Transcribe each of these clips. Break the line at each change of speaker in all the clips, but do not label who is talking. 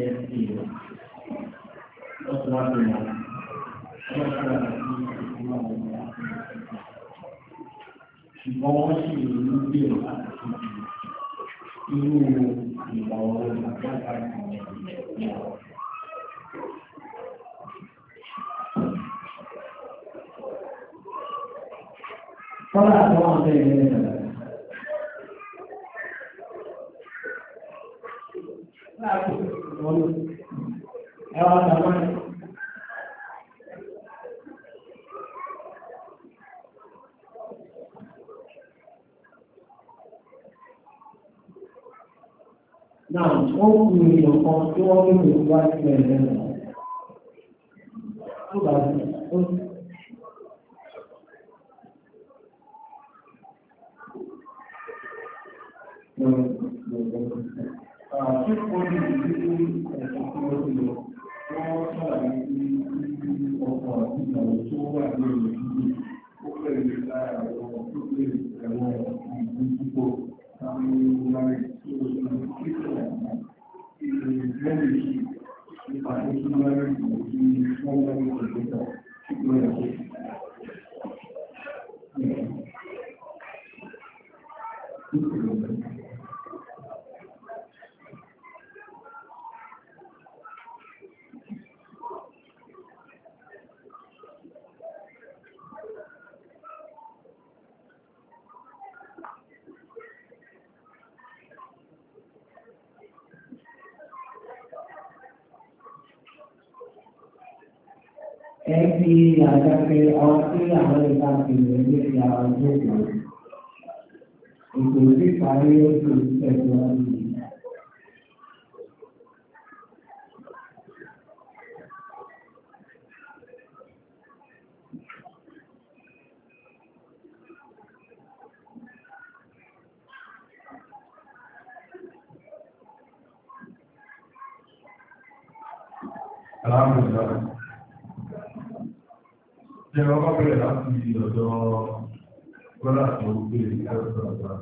EFD lọ́sùn wá sí wọn. Ṣùgbọ́n wọ́n sì ń gbèrò àti irú ìwà ọ̀rọ̀ ìgbàgbà ìgbàgbà. Fọ́nà àtọ́wọ́n tẹ̀lé ní ìgbàgbà. náà wọ́n kú èèyàn kan tí wọ́n ní ìlú wá sí ẹ̀rẹ́ rẹ̀. Tó bá ti ó Thank you. fi àjàpẹ́ àwọn tí àwọn ìta ìrẹ̀ ní ti àwọn ìjọba. Ètò ìdíkà ní oṣù ìṣẹ̀dọ̀ ọ̀dọ̀. الحمد لله Jẹ́rọ bá bẹ̀rẹ̀ láti ọ̀dọ̀ Gọ́lá tó gbé ìgbàlódé ọ̀dọ̀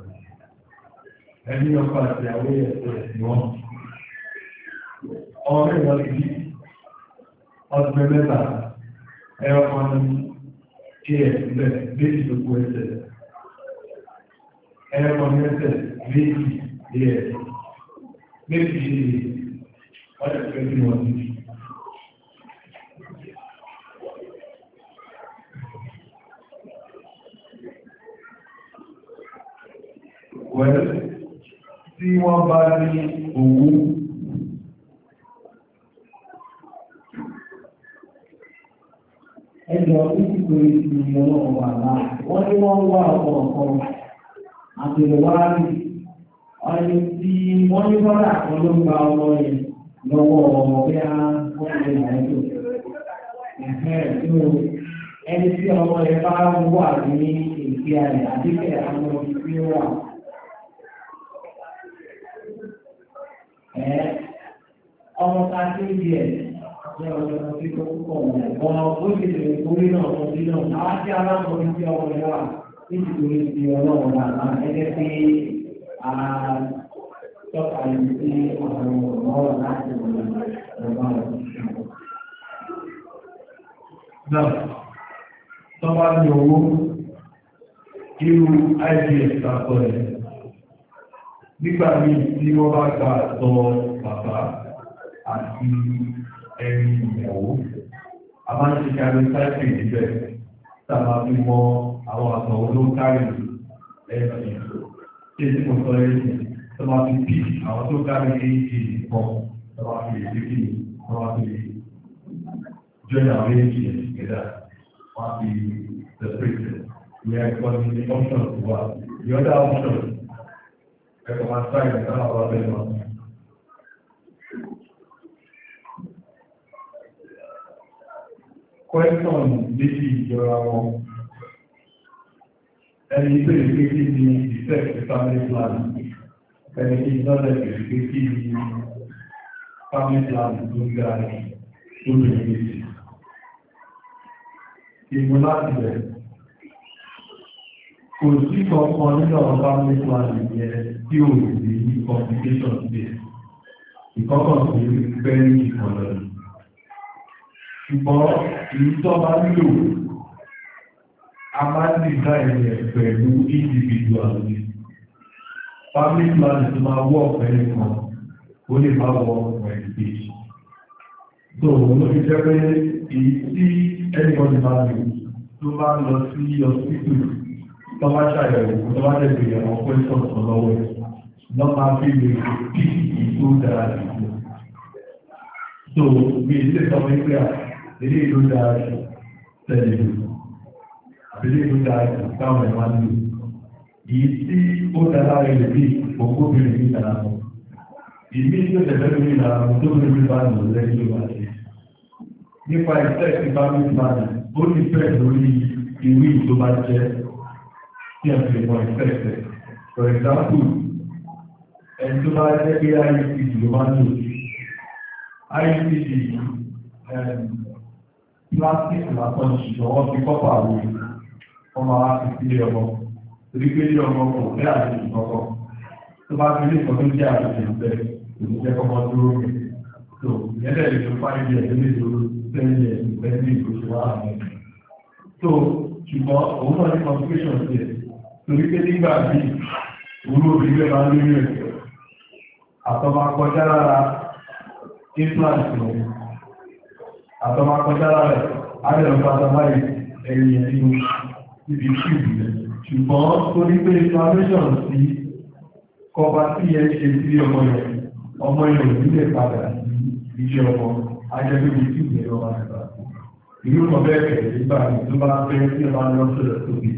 ẹni ọkọ àti àwọn ẹ̀sẹ̀ ẹ̀sìn wọn. Ọmọ mẹ́rin ọdún yìí, ọdún mẹ́ta, ẹ̀rọ kan ní kí ẹ̀ sílẹ̀ méjì tó kú ẹsẹ̀. Ẹ̀rọ kan wẹ́rẹ̀ tí wọ́n bá ní owó ẹjọ́ ìsìnkú ìsìnkú ọlọ́wọ́ àlá wọ́n ní wọ́n wá ọ̀pọ̀ ọ̀pọ̀ àtẹ̀wárí ọ̀yẹ́ tí wọ́n ní bọ́lá ọlọ́gbà ọmọ rẹ̀ lọ́wọ́ ọmọ bí a wọ́n tí ọmọ rẹ̀ bá ọmọ ta sí ibi ẹ̀ ní ọjọ́ tí ó kọ̀ wọ́n ó sì lè borí náà tó bí náà àwọn tí aláwọ̀ ní ọmọ rẹ̀ wà níbi tó ní ti ọlọ́run bàbá ẹgbẹ́ pé àtọ́ka yìí sí ọ̀rọ̀ ọ̀rọ̀ láti ọ̀rọ̀ ọ̀rọ̀ ọ̀rọ̀ náà tọ́ba ní owó irú ibs àpọ̀ rẹ̀ nígbà míì tí wọ́n bá gba àtọ̀ bàbá àti ẹni ìyàwó a máa ń ṣe kárí sáìkì níbẹ̀ tá a máa fi mọ àwọn àtọ̀ olókàrí ẹ̀sìn tí èsì kò sọ ẹ̀sìn tó máa fi bí àwọn tó kárí èjì kan tó máa fi èjì kì tó máa fi jọ́nà àwọn èjì ẹ̀dá wọ́n á fi the prison where it was in the option to work the other option ẹ̀rọ máa sá ìrìnká ọ̀rọ̀ lẹ́nu ọ̀sán. Kwẹ́sọ̀n méjì ìjọra wọn. Ẹni tó lè pé kí ni ìfẹ́ family plan? Ẹni tí ìjọ di pè pé kí ni family plan tó ga tó lè kò sí kankan nílò ọba mẹ́fà nìyẹn tí ò sí ní complication bẹ̀. ìkọ́kàn tó ń fẹ́ ní ìkọ̀lọ̀ ni. ṣùgbọ́n ìlú tó bá nílò a máa ń dìgbà ẹ̀yẹ pẹ̀lú individual ni. family plan tó máa wọ́ ọ̀fẹ́ kan ó lè má wọ ọ̀pọ̀ ìgbésí. tó òun ló fi jẹ́ pé èyí tí ẹnìkan ti máa lò tó bá lọ sí ọsibítù tọ́wá ṣàyẹ̀wò tọ́wá lẹ́bi àwọn pẹ́sọ̀n ọlọ́wọ́ ẹ̀ lọ́pàá fi lè bí ìtò dára jù so mi ìdílé sọ pé pé à ilé ìlú dára jù tẹ̀lé jù àbílé ìlú dára jù táwọn ẹ̀ máa ń lò yìí tí ó dára rẹ̀ bí òkú obìnrin ní ìdára mọ́ ìdí tí ó tẹ̀lé mi ìdára mọ́ tó bí mi bá lò lẹ́yìn ìwà rẹ̀ nípa ìtẹ́ ìbámu ìbámu ó ní fẹ́ lórí ìwé ìtò jẹ́ CMC for expected. For example, ẹni tó bá jẹ́ pé IUCD ló máa ń lò. IUCD plastic lásán ṣùgbọ́n wọ́n fi kọ́pà wò wọ́n máa fi sí ọmọ. Torí pé ilé ọmọ kò fẹ́ àjèjì kankan. Tó bá fi ilé ìkan tó jẹ́ àjèjì ìbẹ̀ kò ní jẹ́ kọ́mọ dúró. So ìyẹn of lè lo fáìlì ẹ̀ lórí ìdúró sẹ́yìn ẹ̀ ìgbẹ́ ní ìgbòsíwá àmì. So ṣùgbọ́n òun náà ní complications torí pé nígbà bí orú obìnrin máa lórí ẹ̀ àtọmakọjá lára implant rẹ̀ àtọmakọjá lára ayọ̀lọ́pàá ẹ̀yìn ẹ̀yìn ibi ṣùgbì rẹ̀ ṣùgbọ́n torí pé inflammation sí kọba tí ẹ ṣe sí ọmọ rẹ̀ ọmọ rẹ̀ ò nílẹ̀ padà sí iṣẹ́ ọmọ ajẹ́gbẹ̀rẹ̀ sí ìgbẹ̀rẹ̀ ọmọ rẹ̀ ìlú kan bẹ́ẹ̀ kẹ̀lé nígbà tó bá fẹ́ sí ọmọ rẹ̀ ọ̀sẹ̀ rẹ̀ tóbi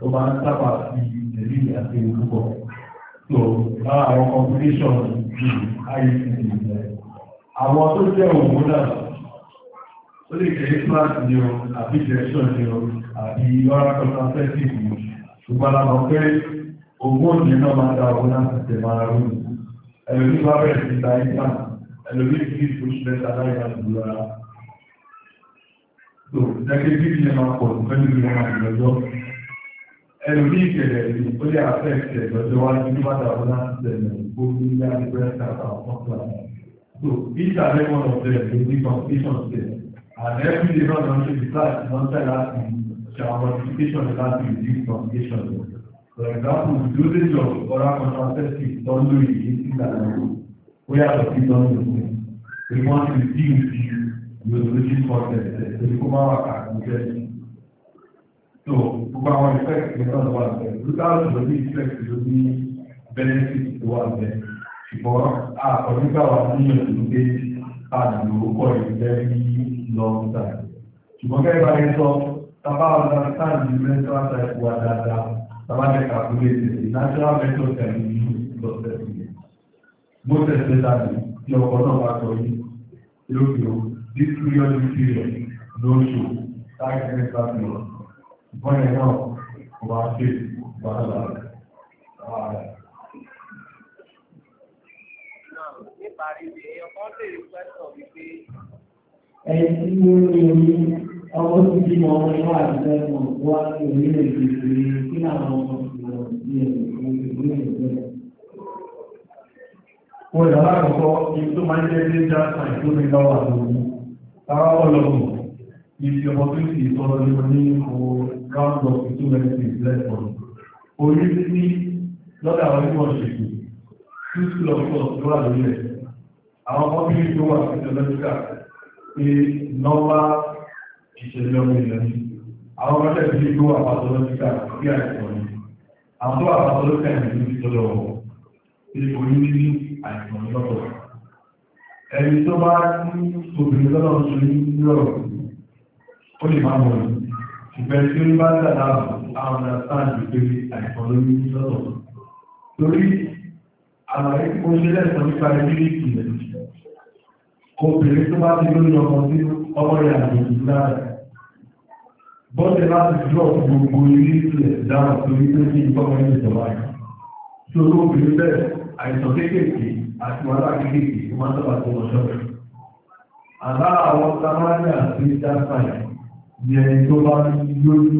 ó máa ń sábà fi ìtẹ̀lé àti ìrúbọ̀. tó lára àwọn competition ju IECC rẹ̀. àwọn tó jẹ́ òun náà ó lè jẹ́ class ni o àbí direction ni o àbí oral contraceptive ni ṣùgbọ́n a mọ̀ pé òun ò ní náà máa da òun náà tètè máa rú ẹlòmí bá bẹ̀rẹ̀ sí ta ìgbà ẹlòmí kì í tó ṣe ta láì máa dùn lọ́ra. máa pọ̀ ẹlòmí ìkẹlẹ̀ ìlú ó yà fẹ́ ìkẹlẹ̀ lọ́jọ́ wájú ní bàtà ọ̀nà ìṣẹ̀lẹ̀ gbogbo ní àdúgbò ẹ̀ka àwọn ọ̀pọ̀lọpọ̀. so each and every one of them dey give complication there and every day run on the class don tell us to our complication is how to reduce complication. for example usage of oral contraceptives don do the eighteen thousand wey out of it don do we want to reduce the usage for the the the woman waka and the So gbogbo àwọn effect ní ọ̀dọ̀ wà bẹ́ẹ̀. Lúkàlù ló ní effect ló ní benefit tó wà bẹ́ẹ̀. Ṣùgbọ́n àkọ́nígbà wà ní ìlú pé àdùnnú kọ̀ ìjẹ́ ní long time. Ṣùgbọ́n kẹ́kẹ́ bá yẹn sọ, tábà ọ̀dà sáàdì mẹ́tọ́ àtàkù wà dáadáa, tábà jẹ́ calculate the natural method can be used for testing. Mo tẹ̀sí dàbí tí ọkọ̀ náà bá sọ yìí. Lókè o, this period period ló ṣò, táàkì mẹ́ta fi hàn bọ́yẹ̀ náà ọba ṣe wàhálà ààrẹ. tí ó ní ọmọ tó bí ọmọ wá sí orílẹ̀-èdè ìgbèrè kí àwọn ọmọ ìwọ̀n sí ẹ̀rọ ìgbèrè ìgbèrè. Wọ́n yàrá àkọ́kọ́ ní tó máa ń jẹ́ dé jáàpá ìgbóni lọ́wọ́ àdúgbò. Tàwọn if the opportunity is already running for round of the two medicines left for you. Or usually, not our everyone should be. Two school of thought ló wà lórí ẹ̀. Àwọn ọmọbìnrin tó wà physiological pé nọ́mbà ìṣẹ̀lẹ̀ a ìlẹ̀ ni. Àwọn ọmọdé bí tó wà pathological bí àìsàn ni. Àwọn tó wà pathological ní ìlú tó lọ wọ̀. Ṣé kò ní ní àìsàn lọ́tọ̀? Ẹni tó bá ní obìnrin lọ́dọ̀ ṣe ní Europe ó lè máa mọ̀ ní ìgbẹ́ tí ó bá dàdà àwọn àtàjù pé àìkọ́ lórí ní lọ́dọ̀ torí àlàyé kó ṣe lẹ́sọ̀ nípa ẹbí ìpìlẹ̀ obìnrin tó bá ti lórí ọmọ sí ọmọ rẹ̀ àgbègbè lára bọ́ọ̀dẹ̀ láti dúró gbogbo ilé ìpìlẹ̀ dáhùn torí pé kí ìfọ́mọ ilé ìjọba yìí tí olóògbé bẹ́ẹ̀ àìsàn kéékèèké àti tó lọ sọ́ọ̀rọ̀ àlá àwọn tamáyà àti dáfàyà yẹn tó bá ní lójú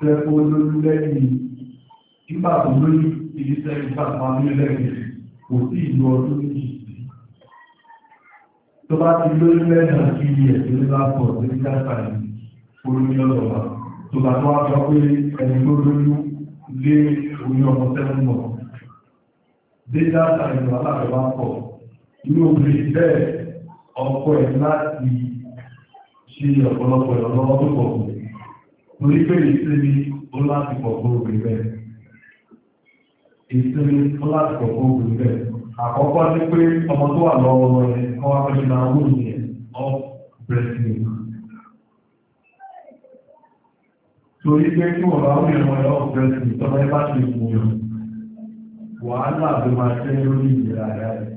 tẹ́kọ́ lójú lẹ́yìn nígbà tó lójú ìdí tẹ́lẹ̀ ìgbàpá ní lẹ́yìn kò sí ìlú ọdún méjì tó bá ti lójú lẹ́yìn àti ilẹ̀ tó bá pọ̀ tó ní dáta yìí olóyún ọ̀dọ̀ wa tó bá tó wá sọ pé ẹni tó lójú lé oyún ọmọ tẹ́lẹ̀ mọ̀ dé dáta ìlú aláàbẹ̀ wá pọ̀ inú obìnrin bẹ́ẹ̀ ọkọ̀ ẹ̀ láti ṣe ọ̀pọ̀lọpọ̀ ìrànlọ́wọ́ tó pọ̀ fún torí pé ìsinmi ó láti pọ̀ fún obìnrin bẹ́ẹ̀ ìsinmi ó láti pọ̀ fún obìnrin bẹ́ẹ̀ àkọ́kọ́ ni pé ọmọ tó wà lọ́wọ́ rẹ̀ kọ́ wá fẹ́ máa wù ní ẹ̀ ọ́ breast milk torí pé kí wọ́n bá wù ní ọmọ ẹ̀ ọ́ breast milk tọ́lá ẹ bá ṣe mú yàn wàhálà ló máa jẹ́ lórí ìlera rẹ̀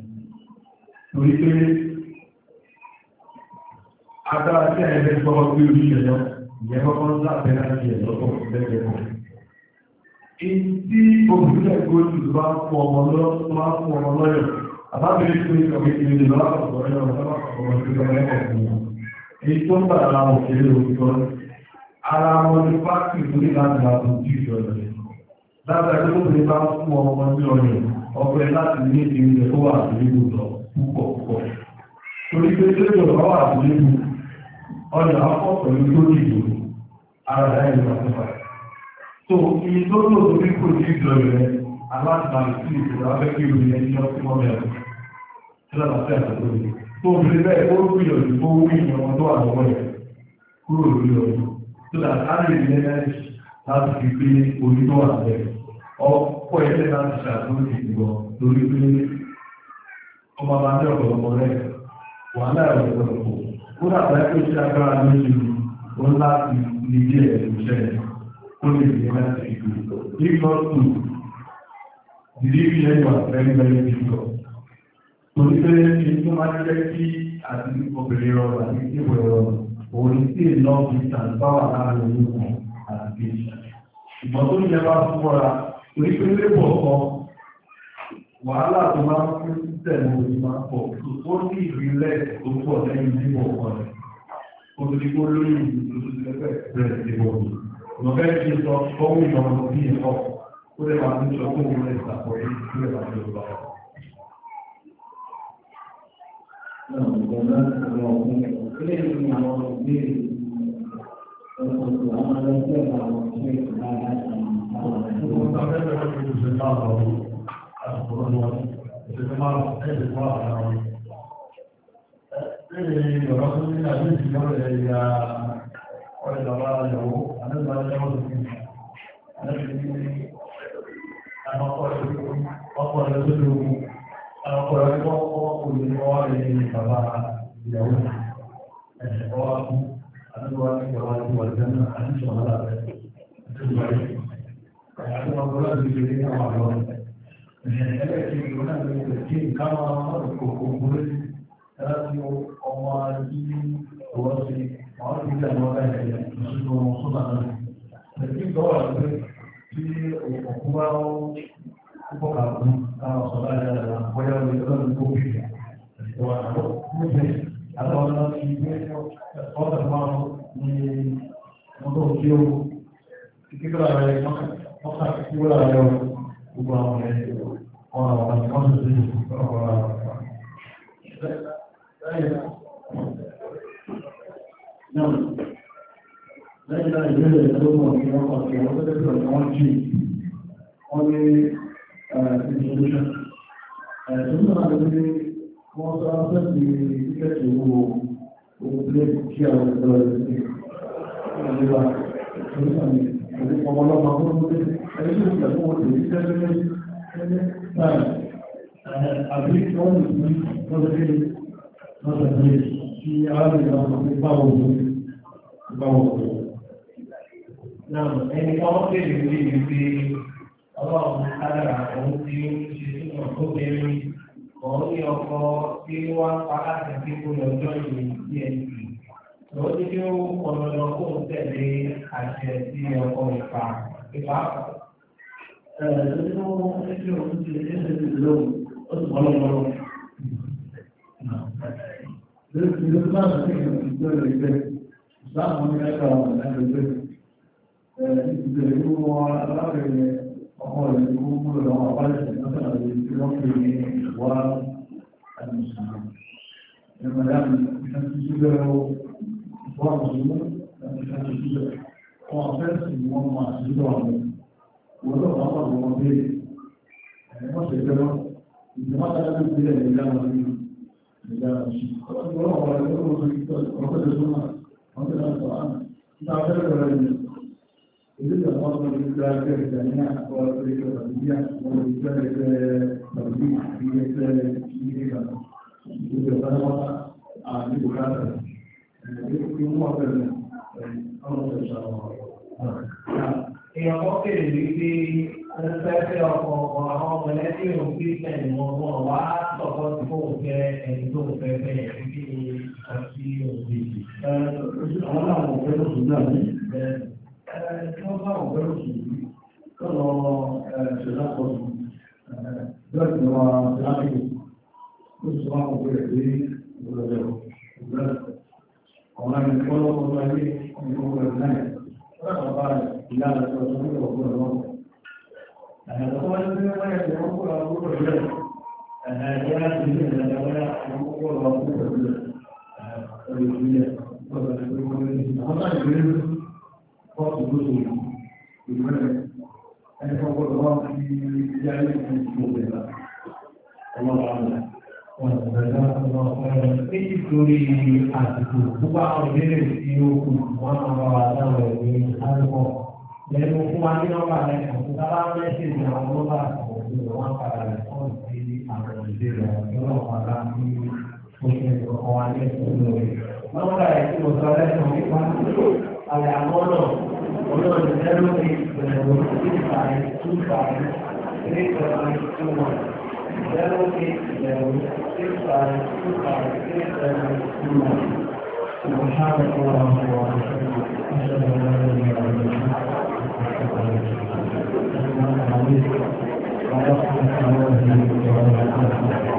torí pé agbára tí ẹ̀yẹ bẹ́ẹ̀ gbọ́ pé orí ìṣẹ̀lẹ̀ ìyẹn kọ́kọ́ ńlá bẹ́ẹ̀ láti ẹ̀ lọ́pọ̀ bẹ́ẹ̀ kọ́. èyí tí obìnrin gbòòtù bá fún ọmọ lọ́yọ̀ àbábẹ́rẹ́ tó ń sọ pé ìrìn ìlú alákọ̀ọ́ ẹ̀rọ ọ̀sán èyí tó ń bà ara wọn kéré òjò ara wọn ní pàtì tó ní láti máa tó jù ìjọ rẹ̀ dáadáa tó lóbìnrin bá fún ọmọ ní ọyọ̀ ọgbẹ́ láti ní ìrìn ìjọ tó wà àdúgbò lọ púpọ̀ púpọ̀ torí pé tó yọ̀ bá wà àdúgbò ọjà ọkọ̀ pẹ̀lú tó dìbò ara ẹ̀ lọ sí wa. so iye tó tó tó ní kò ní ìjọ rẹ̀ aláàbàlì sí ìṣòro abẹ́kí omi ẹ̀ ní ọtí mọ́ mẹ́rin tí lọ́la sí àtàkùn rẹ̀. tó o fi bẹ́ẹ̀ ó gbìyànjú tó wú ìyẹn tó àwọn ẹ̀ kúrò lórí ọdún tó dà sáré ìlẹ́yà láti fi pé orí tó wà bẹ́ẹ̀ ọmọ bá ní ọ̀pọ̀lọpọ̀ rẹ̀ wàhálà ọ̀pọ̀lọpọ̀ ó dàgbà tó ṣe agbára lójú ó láti ní bí ẹ̀rù ṣẹ́ ó lè rí láti ìlú if not to delivery yẹn wà very very difficult torí pé èyí tó máa ń jẹ́ kí àti obìnrin rọrùn àti ìwé rọrùn òun ní sí love distance báwà láàrin olókùn àti kejì ìgbọ́n tó yẹ bá fúnra orí pé lébọ̀ kan wàhálà tó máa fún tẹ̀lé òní máa pọ̀ ó ní ìrìnlẹ̀ tó pọ̀ lẹ́yìn nígbà ọ̀kan rẹ̀ ó ti di kó lórí ìlú ti lẹ́fẹ̀ bẹ̀rẹ̀ ìbò ọ̀nà bẹ́ẹ̀ ti sọ fọ́wọ́ ìjọba tó bí ẹ̀kọ́ ó lè máa ń sọ fún òun lè sàpọ̀ yìí sí ẹ̀ka tó lọ. Ilé ìgbìmọ̀ àwọn òbí Thank you. بالمرض ايه بالمرض يا رب ايه الرسول من عزيز الجبل الى قول الله له انا ما اتجوز منها انا بدي انا اقول لكم اقول لكم انا اقول لكم اقول لكم اقول لكم الشقاء أدوى الجواد والجنة أنشأ ولا أبد أدوى الجواد والجنة أنشأ ولا أبد ẹlẹ́kẹ̀ẹ́ tí ìjà wọn bá tí ń púpọ̀ kàkún káwọn sọ̀rọ̀ àjà rẹ̀ bóyá Lẹ́yìnlá ìgbẹ́lẹ̀ ìjọba ìwọ̀n ọ̀pọ̀ ìwọ̀n tó tẹ́lẹ̀ ìwọ̀n wọ́n jí wọ́n ní ìṣòlúṣà. Ẹ̀ẹ̀tún náà lè ní wọ́n sọ ápẹ́ sí ìkẹ́kẹ̀ẹ́ owó owó lé kí àwọn ìjọba ìjọba ìjọba ìjọba ìjọba àbí wọ́n ní lọ́sọ̀kẹ́ lọ́sọ̀kẹ́ tí arábìnrin ọmọ mi bá wọ̀ wọ̀ bá wọ̀ wọ̀. Náà ẹni kan wọ́n bèèrè lórí mi pé ọlọ́run kádàrà òun tí ó ń ṣe sínú ọ̀gbọ́nbẹ̀rin òun ní ọkọ tí wọ́n pa láti fi kó lọ́jọ́ ìwé sí ẹ̀sìn. Lọ́wọ́ tí ó kọ̀nà lọ kó ń tẹ̀lé àṣẹ sí ọkọ ìfà ìfà. Ẹ̀ẹ́dẹ́gbẹ̀rún ẹgbẹ̀rún ti ẹgbẹ̀rún lọ́wọ́ ó sì mọ́ lọ́wọ́. Ìlú tó bá ń sọ ìgbà ìgbà ìgbà ìsáàmù ní ẹ̀ka ọ̀rọ̀ ẹ̀ka ìgbà ìgbà ìlú wọn alábẹ̀rẹ̀ وقال بالله لله وليه لله وليه خلاص والله ولا يقولوا خليك ربنا يسمع ربنا القرآن انت عشان ولا يجوز إذا تفضل بالله في الجميع وفي الجميع وفي الجميع في الجميع إذا تفضل عن بكرة يمكن مرة أمر إن شاء الله. Ìyàwó kèrè ní pé fẹ́fẹ́ ọkọ̀ ọkọ̀ àwọn mọ̀lẹ́bí òun bí sẹ́yìn wọn mọ̀ wá lọ́kọ́ tí kò fẹ́ ẹni tó fẹ́ fẹ́ yẹn kí ni àti òbí. Àwọn náà wọ̀ fẹ́ lóṣù náà ní. Kí wọ́n bá wọ̀ fẹ́ lóṣù yìí, kọ́ lọ ṣẹlá pọ̀jù. Bẹ́ẹ̀ ni wọ́n ṣe láàyè. Ó sì wá wọ̀ fẹ́ pé ìgbọ̀lẹ̀ ìgbọ̀lẹ̀ ọ̀la ìfọ́lọ́kọ̀ọ́ ayé ọ̀gbọ̀n هو الذي يقول رسول الله يا سيدنا لنا يقول رسول الله nítorí àsìkò tó bá ọdún lè fi okùn wọn àwọn aláwọ̀ ẹ̀mí alùpùpù lẹ́nu fún wa ní nọ́mbà rẹ̀ kọ̀ọ̀tà bá ń mẹ́sì ní àwọn nọ́mbà kọ̀ọ̀tà rẹ̀ padà rẹ̀ fọ́ọ̀n sí àwọn ìbéèrè lọ́wọ́ padà ní oṣù ìrọ̀kọ́ wa ní ẹ̀sùn lórí. nọ́mbà rẹ̀ tí mo sọ lẹ́sùn nípa àlẹ́ àmọ́ náà olóòtú lẹ́nu ti bẹ̀rẹ̀ sí ìfàyè tú ìfàyè ní ìfàyè tú wọn. lẹ́nu ti bẹ̀rẹ̀ sí ìfàyè tú ìfàyè ní ìfàyè tú wọn. سبحانك اللهم وبحمدك أشهد أن لا إله إلا أنت Thank you.